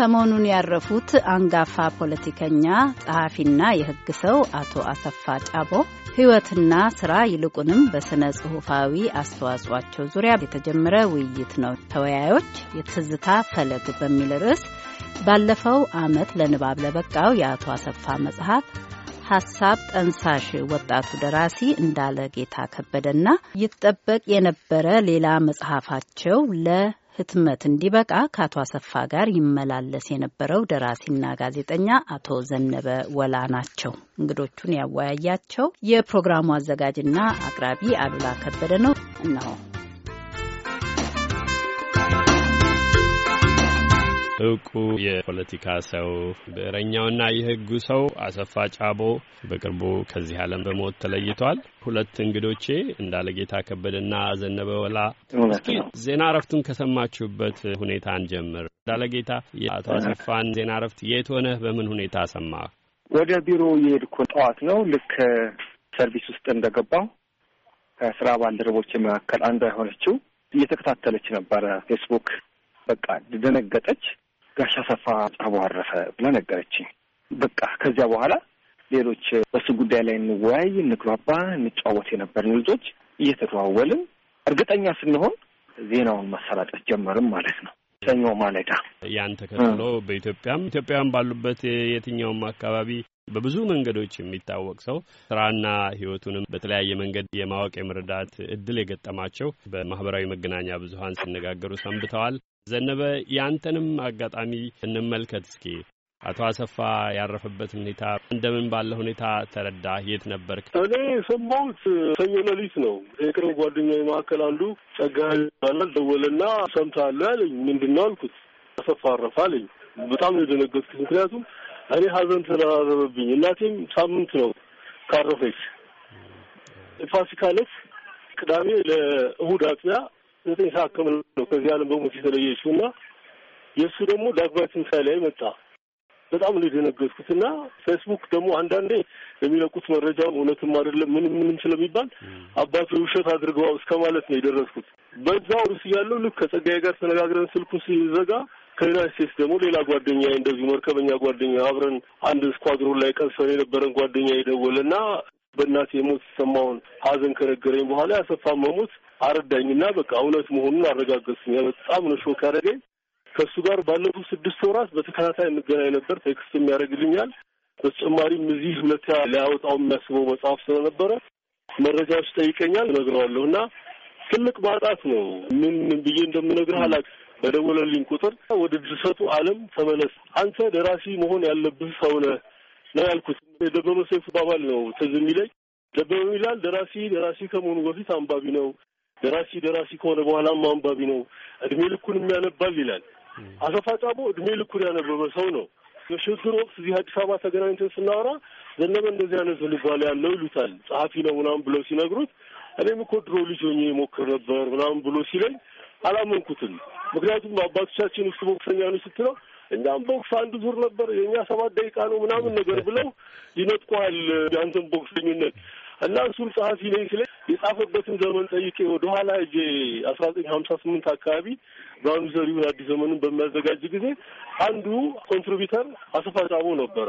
ሰሞኑን ያረፉት አንጋፋ ፖለቲከኛ ጸሐፊና የሕግ ሰው አቶ አሰፋ ጫቦ ሕይወትና ስራ ይልቁንም በሥነ ጽሑፋዊ አስተዋጽኦቸው ዙሪያ የተጀመረ ውይይት ነው። ተወያዮች የትዝታ ፈለግ በሚል ርዕስ ባለፈው ዓመት ለንባብ ለበቃው የአቶ አሰፋ መጽሐፍ ሀሳብ ጠንሳሽ ወጣቱ ደራሲ እንዳለ ጌታ ከበደና ይጠበቅ የነበረ ሌላ መጽሐፋቸው ለ ህትመት እንዲበቃ ከአቶ አሰፋ ጋር ይመላለስ የነበረው ደራሲና ጋዜጠኛ አቶ ዘነበ ወላ ናቸው። እንግዶቹን ያወያያቸው የፕሮግራሙ አዘጋጅና አቅራቢ አሉላ ከበደ ነው። እነሆ። እውቁ የፖለቲካ ሰው ብዕረኛውና የህጉ ሰው አሰፋ ጫቦ በቅርቡ ከዚህ ዓለም በሞት ተለይቷል። ሁለት እንግዶቼ እንዳለጌታ ከበደና ዘነበ ወላ፣ እስኪ ዜና እረፍቱን ከሰማችሁበት ሁኔታ እንጀምር። እንዳለጌታ የአቶ አሰፋን ዜና እረፍት የት ሆነህ በምን ሁኔታ ሰማ? ወደ ቢሮ የሄድኩ ጠዋት ነው። ልክ ሰርቪስ ውስጥ እንደገባው ከስራ ባልደረቦች መካከል አንዷ የሆነችው እየተከታተለች ነበረ ፌስቡክ በቃ ደነገጠች። ጋሻ ሰፋ ጸቦ ብላ ነገረችኝ። በቃ ከዚያ በኋላ ሌሎች በሱ ጉዳይ ላይ እንወያይ፣ እንግባባ፣ እንጫወት የነበርን ልጆች እየተደዋወልን እርግጠኛ ስንሆን ዜናውን መሰራጨት ጀመርም ማለት ነው። ሰኞ ማለዳ ያን ተከትሎ በኢትዮጵያም ኢትዮጵያውያን ባሉበት የትኛውም አካባቢ በብዙ መንገዶች የሚታወቅ ሰው ስራና ህይወቱንም በተለያየ መንገድ የማወቅ የመረዳት እድል የገጠማቸው በማህበራዊ መገናኛ ብዙኃን ሲነጋገሩ ሰንብተዋል። ዘነበ ያንተንም አጋጣሚ እንመልከት እስኪ። አቶ አሰፋ ያረፈበት ሁኔታ እንደምን ባለ ሁኔታ ተረዳ? የት ነበርክ እኔ የሰማሁት ሰኞ ሌሊት ነው። የቅርብ ጓደኛ መካከል አንዱ ጸጋዬ ይባላል። ደወለና ሰምታለ አለኝ። ምንድን ነው አልኩት። አሰፋ አረፈ አለኝ። በጣም ነው የደነገጥኩት። ምክንያቱም እኔ ሀዘን ተደራረበብኝ። እናቴም ሳምንት ነው ካረፈች። ፋሲካ ዕለት ቅዳሜ ለእሁድ አጥቢያ ዘጠኝ ሰዓት ከምል ነው ከዚህ ዓለም በሞት የተለየችው እና የእሱ ደግሞ ዳግማዊ ትንሣኤ ላይ መጣ። በጣም ነው የደነገጥኩት እና ፌስቡክ ደግሞ አንዳንዴ የሚለቁት መረጃ እውነትም አይደለም ምንም ምንም ስለሚባል አባቱ ውሸት አድርገዋ እስከ ማለት ነው የደረስኩት። በዛው ርስ ያለው ልክ ከጸጋዬ ጋር ተነጋግረን ስልኩ ሲዘጋ ከዩናይት ስቴትስ ደግሞ ሌላ ጓደኛ እንደዚሁ መርከበኛ ጓደኛ አብረን አንድ ስኳድሮን ላይ ቀንሰን የነበረን ጓደኛ የደወለ እና በእናቴ ሞት ሰማውን ሀዘን ከነገረኝ በኋላ ያሰፋ መሞት አረዳኝና በቃ እውነት መሆኑን አረጋገጥኩኝ። በጣም ነው ሾክ ያደረገኝ። ከእሱ ጋር ባለፉት ስድስት ወራት በተከታታይ እንገናኝ ነበር። ቴክስት ያደርግልኛል። በተጨማሪም እዚህ ሁለት ሊያወጣው የሚያስበው መጽሐፍ ስለነበረ መረጃዎች ጠይቀኛል፣ እነግረዋለሁ እና ትልቅ ማጣት ነው። ምን ብዬ እንደምነግርህ አላቅ። በደወለልኝ ቁጥር ወደ ድርሰቱ ዓለም ተመለስ፣ አንተ ደራሲ መሆን ያለብህ ሰው ነህ ነው ያልኩት። ደበበ ሰይፉ ባባል ነው ትዝ የሚለኝ። ደበበ ይላል ደራሲ ደራሲ ከመሆኑ በፊት አንባቢ ነው ደራሲ ደራሲ ከሆነ በኋላም አንባቢ ነው። እድሜ ልኩን የሚያነባል ይላል አሰፋ ጫቦ። እድሜ ልኩን ያነበበ ሰው ነው። የሽግግር ወቅት እዚህ አዲስ አበባ ተገናኝተን ስናወራ ዘነበ እንደዚህ አይነት ልባል ያለው ይሉታል ጸሐፊ ነው ምናምን ብለው ሲነግሩት እኔም እኮ ድሮ ልጅ ሆኜ ሞክር ነበር ምናምን ብሎ ሲለኝ አላመንኩትም። ምክንያቱም አባቶቻችን ውስጥ ቦክሰኛ ነው ስትለው እኛም ቦክስ አንድ ዙር ነበር የእኛ ሰባት ደቂቃ ነው ምናምን ነገር ብለው ይነጥቋል። የአንተን ቦክሰኝነት እና እሱም ጸሐፊ ነኝ ስለ የጻፈበትን ዘመን ጠይቄ ወደ ኋላ እጄ አስራ ዘጠኝ ሀምሳ ስምንት አካባቢ ብርሃኑ ዘሪሁን አዲስ ዘመኑን በሚያዘጋጅ ጊዜ አንዱ ኮንትሪቢተር አሰፋ ጫቦ ነበረ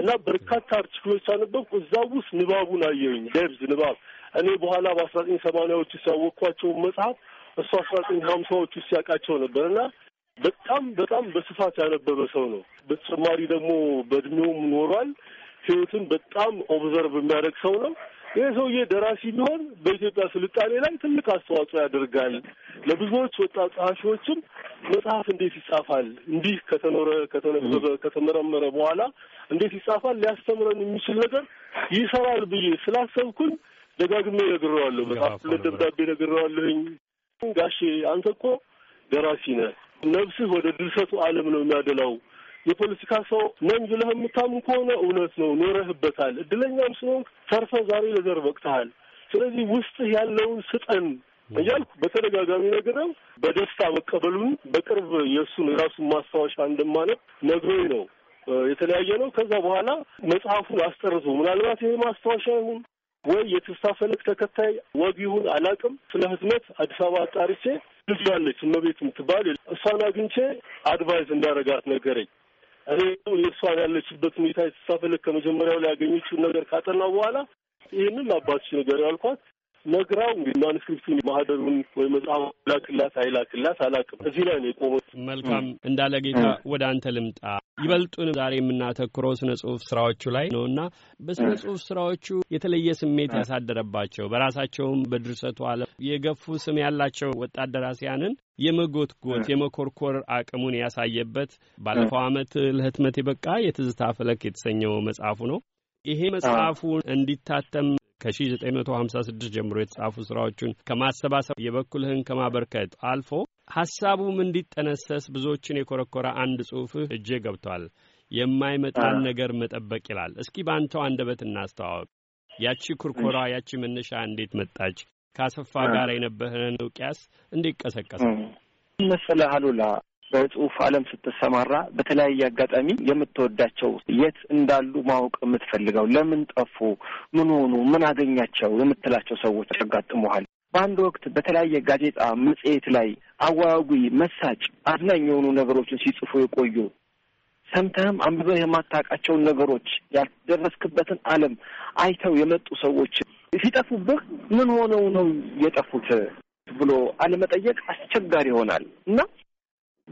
እና በርካታ አርቲክሎች አነበብኩ። እዛ ውስጥ ንባቡን አየሁኝ፣ ደብዝ ንባብ እኔ በኋላ በአስራ ዘጠኝ ሰማንያዎች ውስጥ ያወቅኳቸውን መጽሐፍ እሱ አስራ ዘጠኝ ሀምሳዎች ውስጥ ያውቃቸው ነበር እና በጣም በጣም በስፋት ያነበበ ሰው ነው። በተጨማሪ ደግሞ በእድሜውም ኖሯል። ህይወትን በጣም ኦብዘርቭ የሚያደርግ ሰው ነው። ይህ ሰውዬ ደራሲ ቢሆን በኢትዮጵያ ስልጣኔ ላይ ትልቅ አስተዋጽኦ ያደርጋል። ለብዙዎች ወጣት ጸሐፊዎችም መጽሐፍ እንዴት ይጻፋል፣ እንዲህ ከተኖረ ከተነበበ፣ ከተመረመረ በኋላ እንዴት ይጻፋል፣ ሊያስተምረን የሚችል ነገር ይሰራል ብዬ ስላሰብኩኝ ደጋግሜ ነግረዋለሁ። መጽሐፍ ለደብዳቤ ነግሬዋለሁኝ። ጋሼ አንተ እኮ ደራሲ ነህ፣ ነፍስህ ወደ ድርሰቱ ዓለም ነው የሚያደላው የፖለቲካ ሰው ነኝ ብለህ የምታምን ከሆነ እውነት ነው፣ ኖረህበታል። እድለኛም ስለሆንክ ፈርፈህ ዛሬ ለዘር በቅተሃል። ስለዚህ ውስጥህ ያለውን ስጠን እያልኩ በተደጋጋሚ ነገረው። በደስታ መቀበሉን በቅርብ የእሱን የራሱን ማስታወሻ እንደማነብ ነግሮኝ ነው የተለያየ ነው። ከዛ በኋላ መጽሐፉን አስጠርቶ ምናልባት ይሄ ማስታወሻ ይሁን ወይ የትስታ ፈለግ ተከታይ ወግ ይሁን አላቅም። ስለ ህትመት አዲስ አበባ አጣርቼ ልጅ ያለች እመቤት የምትባል እሷን አግኝቼ አድቫይዝ እንዳረጋት ነገረኝ። እኔ የእሷን ያለችበት ሁኔታ የተሳፈለ ከመጀመሪያው ላይ ያገኘችውን ነገር ካጠና በኋላ ይህንን አባትሽ ነገር ያልኳት ነግራው እንግዲህ ማኑስክሪፕቱን ማህደሩን ወይ መጽሐፍ ላክላት አይላክላት አላውቅም። እዚህ ላይ ነው የቆመው። መልካም እንዳለ ጌታ ወደ አንተ ልምጣ። ይበልጡን ዛሬ የምናተኩረው ስነ ጽሁፍ ስራዎቹ ላይ ነው እና በስነ ጽሁፍ ስራዎቹ የተለየ ስሜት ያሳደረባቸው በራሳቸውም በድርሰቱ አለ የገፉ ስም ያላቸው ወጣት ደራሲያንን የመጎትጎት የመኮርኮር አቅሙን ያሳየበት ባለፈው ዓመት ለህትመት የበቃ የትዝታ ፈለክ የተሰኘው መጽሐፉ ነው። ይሄ መጽሐፉ እንዲታተም ከ1956 ጀምሮ የተጻፉ ስራዎቹን ከማሰባሰብ የበኩልህን ከማበርከት አልፎ ሀሳቡም እንዲጠነሰስ ብዙዎችን የኮረኮረ አንድ ጽሑፍህ እጄ ገብቷል። የማይመጣን ነገር መጠበቅ ይላል። እስኪ በአንተው አንደበት እናስተዋወቅ። ያቺ ኩርኮራ፣ ያቺ መነሻ እንዴት መጣች? ከአሰፋ ጋር የነበረን እውቅያስ እንዴት ቀሰቀሰ መሰለ አሉላ? በጽሁፍ ዓለም ስትሰማራ በተለያየ አጋጣሚ የምትወዳቸው የት እንዳሉ ማወቅ የምትፈልገው ለምን ጠፉ፣ ምን ሆኑ፣ ምን አገኛቸው የምትላቸው ሰዎች ያጋጥመሃል። በአንድ ወቅት በተለያየ ጋዜጣ፣ መጽሔት ላይ አዋጊ፣ መሳጭ፣ አዝናኝ የሆኑ ነገሮችን ሲጽፉ የቆዩ ሰምተህም አንብበህ የማታውቃቸውን ነገሮች ያልደረስክበትን ዓለም አይተው የመጡ ሰዎች ሲጠፉብህ ምን ሆነው ነው የጠፉት ብሎ አለመጠየቅ አስቸጋሪ ይሆናል እና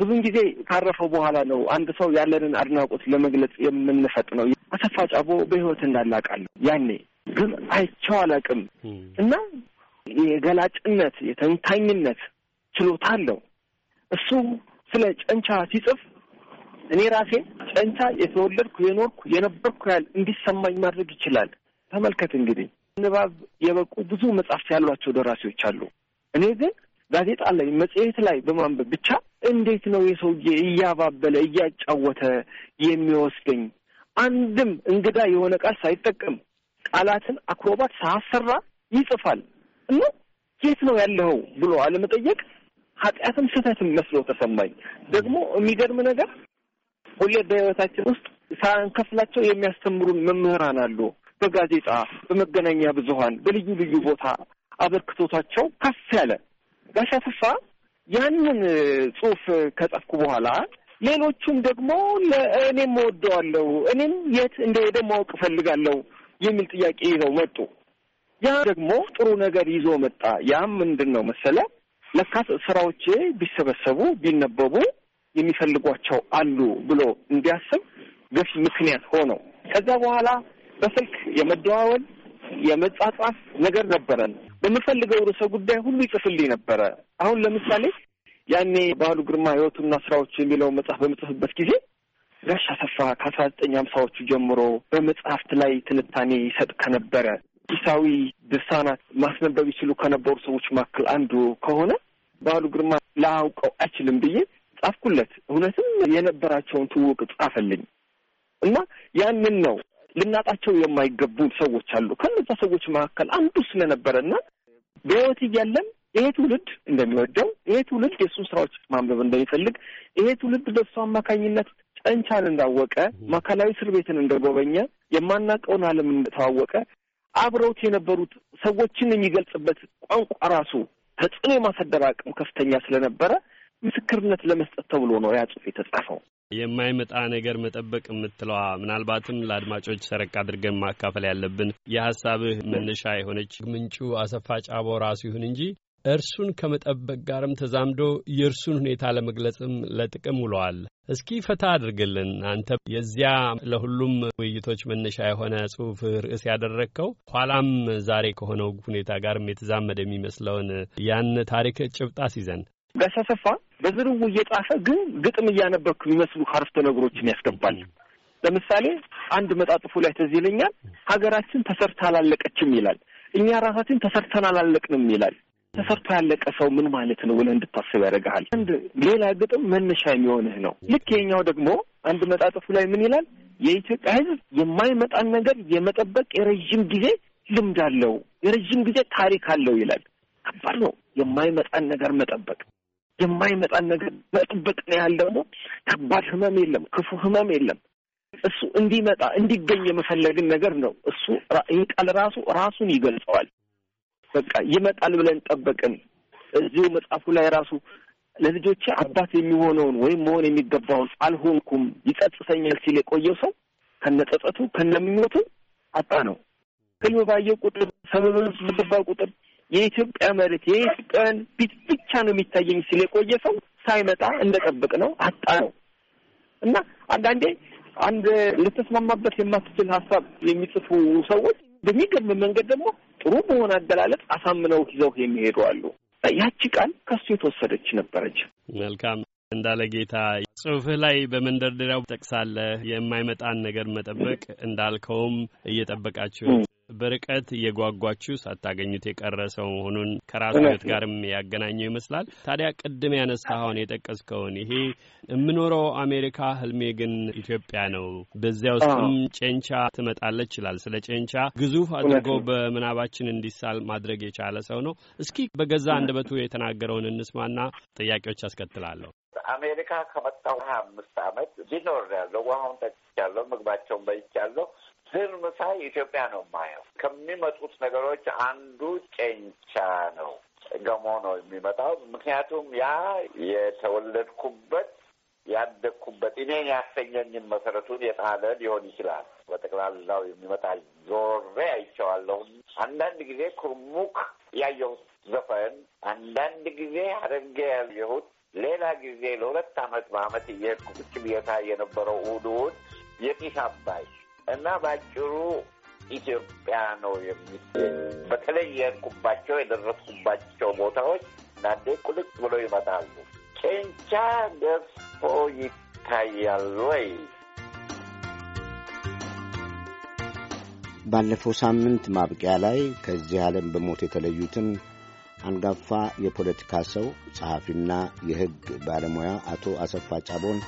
ብዙን ጊዜ ካረፈው በኋላ ነው አንድ ሰው ያለንን አድናቆት ለመግለጽ የምንፈጥ ነው። አሰፋ ጫቦ በህይወት እንዳላቃለሁ ያኔ ግን አይቼው አላቅም እና የገላጭነት የተንታኝነት ችሎታ አለው። እሱ ስለ ጨንቻ ሲጽፍ እኔ ራሴ ጨንቻ የተወለድኩ የኖርኩ የነበርኩ ያህል እንዲሰማኝ ማድረግ ይችላል። ተመልከት እንግዲህ ንባብ የበቁ ብዙ መጽሐፍት ያሏቸው ደራሲዎች አሉ። እኔ ግን ጋዜጣ ላይ መጽሔት ላይ በማንበብ ብቻ እንዴት ነው የሰውዬ እያባበለ እያጫወተ የሚወስደኝ? አንድም እንግዳ የሆነ ቃል ሳይጠቀም ቃላትን አክሮባት ሳሰራ ይጽፋል እና የት ነው ያለኸው ብሎ አለመጠየቅ ኃጢአትም ስህተትም መስሎ ተሰማኝ። ደግሞ የሚገርም ነገር ሁሌ በህይወታችን ውስጥ ሳንከፍላቸው የሚያስተምሩን መምህራን አሉ። በጋዜጣ በመገናኛ ብዙኃን በልዩ ልዩ ቦታ አበርክቶታቸው ከፍ ያለ ጋሽ አሰፋ ያንን ጽሁፍ ከጻፍኩ በኋላ ሌሎቹም ደግሞ እኔም እወደዋለሁ እኔም የት እንደሄደ ማወቅ እፈልጋለሁ የሚል ጥያቄ ይዘው መጡ። ያ ደግሞ ጥሩ ነገር ይዞ መጣ። ያም ምንድን ነው መሰለ፣ ለካ ስራዎች ቢሰበሰቡ ቢነበቡ የሚፈልጓቸው አሉ ብሎ እንዲያስብ ገፊ ምክንያት ሆነው ከዛ በኋላ በስልክ የመደዋወል የመጻጻፍ ነገር ነበረን። በምፈልገው ርዕሰ ጉዳይ ሁሉ ይጽፍልኝ ነበረ። አሁን ለምሳሌ ያኔ ባህሉ ግርማ ህይወቱና ስራዎች የሚለው መጽሐፍ በምጽፍበት ጊዜ ጋሽ አሰፋ ከአስራ ዘጠኝ ሀምሳዎቹ ጀምሮ በመጽሐፍት ላይ ትንታኔ ይሰጥ ከነበረ ሂሳዊ ድርሳናት ማስነበብ ይችሉ ከነበሩ ሰዎች መካከል አንዱ ከሆነ ባህሉ ግርማ ላያውቀው አይችልም ብዬ ጻፍኩለት። እውነትም የነበራቸውን ትውቅ ጻፈልኝ እና ያንን ነው ልናጣቸው የማይገቡ ሰዎች አሉ። ከነዛ ሰዎች መካከል አንዱ ስለነበረና በህይወት እያለን ይሄ ትውልድ እንደሚወደው ይሄ ትውልድ የእሱን ስራዎች ማንበብ እንደሚፈልግ ይሄ ትውልድ በሱ አማካኝነት ጨንቻን እንዳወቀ ማዕከላዊ እስር ቤትን እንደጎበኘ የማናውቀውን ዓለም እንደተዋወቀ አብረውት የነበሩት ሰዎችን የሚገልጽበት ቋንቋ ራሱ ተጽዕኖ የማሳደር አቅም ከፍተኛ ስለነበረ ምስክርነት ለመስጠት ተብሎ ነው ያ ጽሑፍ የተጻፈው። የማይመጣ ነገር መጠበቅ የምትለዋ ምናልባትም ለአድማጮች ሰረቅ አድርገን ማካፈል ያለብን የሀሳብህ መነሻ የሆነች ምንጩ አሰፋ ጫቦ ራሱ ይሁን እንጂ እርሱን ከመጠበቅ ጋርም ተዛምዶ የእርሱን ሁኔታ ለመግለጽም ለጥቅም ውለዋል። እስኪ ፈታ አድርግልን። አንተ የዚያ ለሁሉም ውይይቶች መነሻ የሆነ ጽሑፍ ርዕስ ያደረግከው ኋላም ዛሬ ከሆነው ሁኔታ ጋርም የተዛመደ የሚመስለውን ያን ታሪክ ጭብጣ ሲዘን ጋሽ በዝርው እየጻፈ ግን ግጥም እያነበብኩ የሚመስሉ አረፍተ ነገሮችን ያስገባል። ለምሳሌ አንድ መጣጥፉ ላይ ትዝ ይለኛል፣ ሀገራችን ተሰርታ አላለቀችም ይላል። እኛ ራሳችን ተሰርተን አላለቅንም ይላል። ተሰርቶ ያለቀ ሰው ምን ማለት ነው ብለህ እንድታስብ ያደርግሃል። አንድ ሌላ ግጥም መነሻ የሚሆንህ ነው። ልክ የኛው ደግሞ አንድ መጣጥፉ ላይ ምን ይላል? የኢትዮጵያ ሕዝብ የማይመጣን ነገር የመጠበቅ የረዥም ጊዜ ልምድ አለው፣ የረዥም ጊዜ ታሪክ አለው ይላል። ከባድ ነው የማይመጣን ነገር መጠበቅ። የማይመጣን ነገር መጠበቅ ነው ያህል ደግሞ ከባድ ህመም የለም፣ ክፉ ህመም የለም። እሱ እንዲመጣ እንዲገኝ የመፈለግን ነገር ነው። እሱ ይህ ቃል ራሱ ራሱን ይገልጸዋል። በቃ ይመጣል ብለን ጠበቅን። እዚሁ መጽሐፉ ላይ ራሱ ለልጆቼ አባት የሚሆነውን ወይም መሆን የሚገባውን አልሆንኩም ይጸጽተኛል ሲል የቆየው ሰው ከነጸጸቱ ከነምኞቱ አጣ ነው። ህልም ባየው ቁጥር ሰበብ በገባ ቁጥር የኢትዮጵያ መሬት የኢትዮጵያውያን ቢት ብቻ ነው የሚታየኝ ሲል የቆየ ሰው ሳይመጣ እንደጠብቅ ነው አጣ ነው እና አንዳንዴ አንድ ልተስማማበት የማትችል ሀሳብ የሚጽፉ ሰዎች በሚገርም መንገድ ደግሞ ጥሩ በሆነ አገላለጽ አሳምነው ይዘው የሚሄዱ አሉ። ያቺ ቃል ከሱ የተወሰደች ነበረች። መልካም እንዳለ ጌታ ጽሁፍህ ላይ በመንደርደሪያው ጠቅሳለህ። የማይመጣን ነገር መጠበቅ እንዳልከውም እየጠበቃችሁ በርቀት የጓጓችሁ ሳታገኙት የቀረ ሰው መሆኑን ከራሱ ሕይወት ጋርም ያገናኘው ይመስላል። ታዲያ ቅድም ያነሳኸውን የጠቀስከውን ይሄ የምኖረው አሜሪካ ህልሜ ግን ኢትዮጵያ ነው፣ በዚያ ውስጥም ጨንቻ ትመጣለች ይችላል። ስለ ጨንቻ ግዙፍ አድርጎ በምናባችን እንዲሳል ማድረግ የቻለ ሰው ነው። እስኪ በገዛ አንደበቱ የተናገረውን እንስማና ጥያቄዎች አስከትላለሁ። አሜሪካ ከመጣሁ ሀያ አምስት አመት ቢኖር ያለው ውሃውን ጠቅቻለሁ፣ ምግባቸውን በይቻለሁ ህልም ሳይ ኢትዮጵያ ነው የማየው። ከሚመጡት ነገሮች አንዱ ጨንቻ ነው፣ ገሞ ነው የሚመጣው። ምክንያቱም ያ የተወለድኩበት ያደግኩበት እኔን ያሰኘኝን መሰረቱን የጣለ ሊሆን ይችላል። በጠቅላላው የሚመጣ ዞሬ አይቼዋለሁ። አንዳንድ ጊዜ ኩርሙክ ያየሁት ዘፈን፣ አንዳንድ ጊዜ ሐረርጌ ያየሁት፣ ሌላ ጊዜ ለሁለት አመት በአመት እየሄድኩ ብቻ የታየ የነበረው እሑድ የጢስ አባይ እና በአጭሩ ኢትዮጵያ ነው የሚገኝ። በተለይ የሄድኩባቸው የደረስኩባቸው ቦታዎች እናንዴ ቁልቅ ብሎ ይመጣሉ። ጨንቻ ገዝፎ ይታያል ወይ? ባለፈው ሳምንት ማብቂያ ላይ ከዚህ ዓለም በሞት የተለዩትን አንጋፋ የፖለቲካ ሰው ጸሐፊና የሕግ ባለሙያ አቶ አሰፋ ጫቦን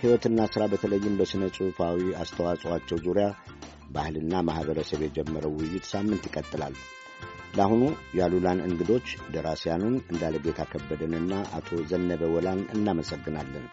ሕይወትና ሥራ በተለይም በሥነ ጽሑፋዊ አስተዋጽኦአቸው ዙሪያ ባህልና ማኅበረሰብ የጀመረው ውይይት ሳምንት ይቀጥላል። ለአሁኑ ያሉላን እንግዶች ደራሲያኑን እንዳለጌታ ከበደንና አቶ ዘነበ ወላን እናመሰግናለን።